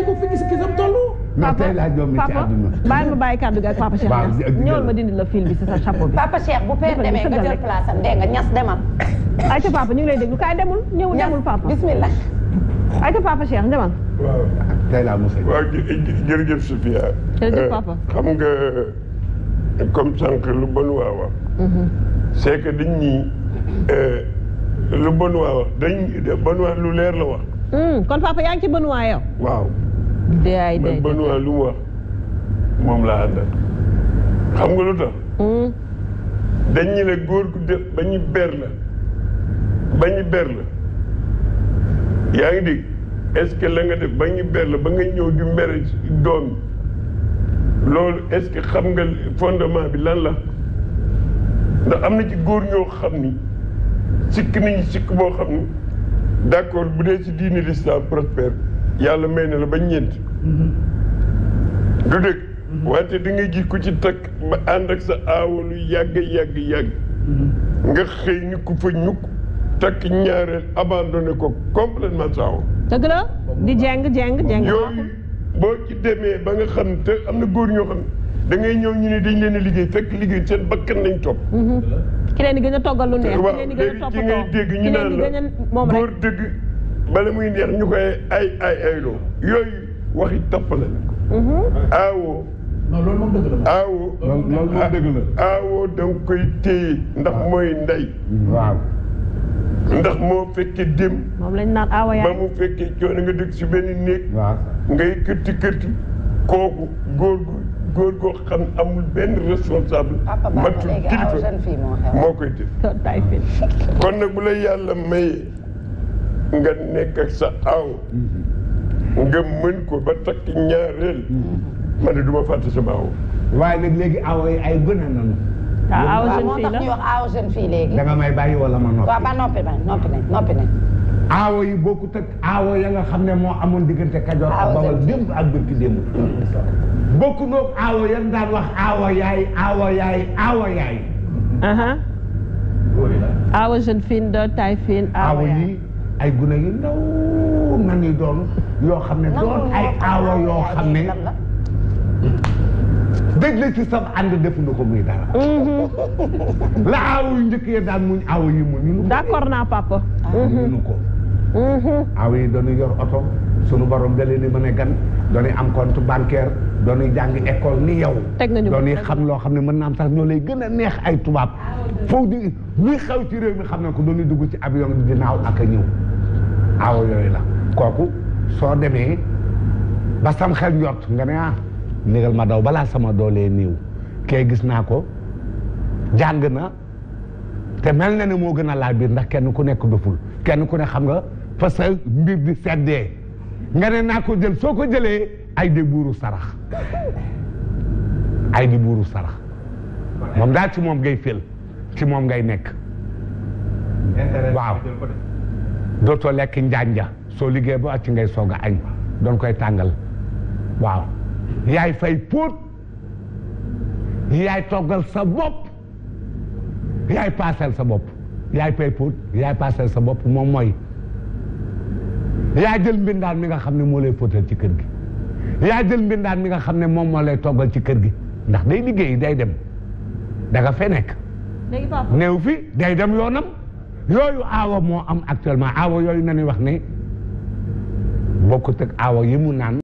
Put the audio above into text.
bàyyi ko fi gis gisam tollu mais tey laa jom ci àdduna bàyyi ma bàyyi kàddu gi ak papa Cheikh ñëwal ma dindi la fil bi sa chapeau papa Cheikh bu père demee nga jël place am dégg nga ñas demal ay ca papa ñu ngi lay déglu kaay demul ñëw demul papa bismillah ay ca papa Cheikh demal waaw tey laa mos a waaw jërëjëf Sophia jërëjëf euh, papa xam nga comme sànq lu bon waa wax mhm. c'est que dañ ñii euh, lu bon waa wax bon waa lu leer la wax hmm, kon papa yaa bon waa day day man Benoît lu mu wax moom laa àndal xam nga lu tax. Hmm? dañ ñu ne góor gu def ba ber la bañ ñu ber la yaa ngi dégg est-ce que la nga def ba ñu ber la ba nga ñëw di mere doom loolu est-ce que xam nga fondement bi lan la ndax am na ci góor ñoo xam ni sikk nañu sikk boo xam ni d'accord bu dee ci diine l'islam prospère yàlla may na la ba ñeent. du dëkk. Mm-hmm. wante di nga gis ko ci takk ba ànd ak sa aawalu yàgg yàgg yàgg. Mm-hmm. nga xëy ni ku fa ñukk takk ñaareel ne ko complètement sa aaw. dëgg la di jeng jeng jeng. yooyu boo ci demee ba nga xam ne te am na góor ñoo xam da ngay ñëw ñu ne dañ leen liggéey fekk liggéey seen bakkan lañ topp. Mm-hmm. ki leen di gën a toggal lu neex. ki leen di ngay dégg ñu naan la góor dëgg. bala muy neex ñu koy ay ay ayloo yooyu waxi topp la aawoo mm-hmm. non loolu moom dëgg koy téye ndax mooy nday ndax moo fekkee dem ma mu fekkee coono nga dëkk si benn néeg ngay kërti kërti kooku góor gu góor goo xam amul benn responsable matul kilifa moo koy def kon nag bu la yàlla mayee nga nekk ak sa aaw nga mën ko ba takk ñaareel ma ne du ma fàtte sama aaw waaye nag léegi aaw yi ay gën a nanu aaw ah, jeune fille la ah, moo tax ñu wax aaw jeune fille léegi da nga may bàyyi wala ma noppi waaw ba noppi ba noppi nañ noppi nañ aawo yi bokkut ak aawo ya nga xam ne moo amoon diggante Kajoor ak Bawol démb ak bërki démb bokku noog aawo yan daan wax aawo yaay aawo yaay aawo yaay aawo jeune fille doo taay fille aawo yi ay gune yu ndaw yoo xam ne doon ay aawa yoo xam ne dëj la ci sam ànd defuñu ko muy dara mm-hmm. la aawa yu njëkk ya daan muñ aawa yi muñu d'accord naa papa ah, mm-hmm. muñu ko mm-hmm. aawa yi doon yor oto sunu borom da leen di mën a gan doon am compte bancaire doon jàng école ni yow. teg nañu doon xam loo xam ne mën naa am sax ñoo lay gën a neex ay tubaab. Ah, foofu di luy xew ci réew mi xam ne ko doon dugg ci avion bi di naaw ak a ñëw. aaw yooyu la kooku soo demee ba sam xel njort nga ne ah négal ma daw balaa sama doolee niiw kee gis naa ko jàng na te mel na ne moo gën a laaj biir ndax kenn ku nekk doful kenn ku ne xam nga fa sa mbir di seddee nga ne naa ko jël soo ko jëlee ay di buuru sarax ay di buuru sarax moom daal ci moom ngay fél ci moom ngay nekk waaw dootoo lekk njanja soo liggéey ba wàcc ngay soog a añ doon koy tàngal waaw yaay fay póot yaay toggal sa bopp yaay paaseel sa bopp yaay fay póot yaay paaseel sa bopp moom mooy yaa jël mbindaan mi nga xam ne moo lay fóotal ci kër gi yaa jël mbindaan mi nga xam ne moom moo lay toggal ci kër gi ndax day liggéey day dem da nga fee nekk néew fi day dem yoonam yooyu aawa moo am actuellement aawa yooyu nañuy wax ne bokkut ak aawa yi mu naan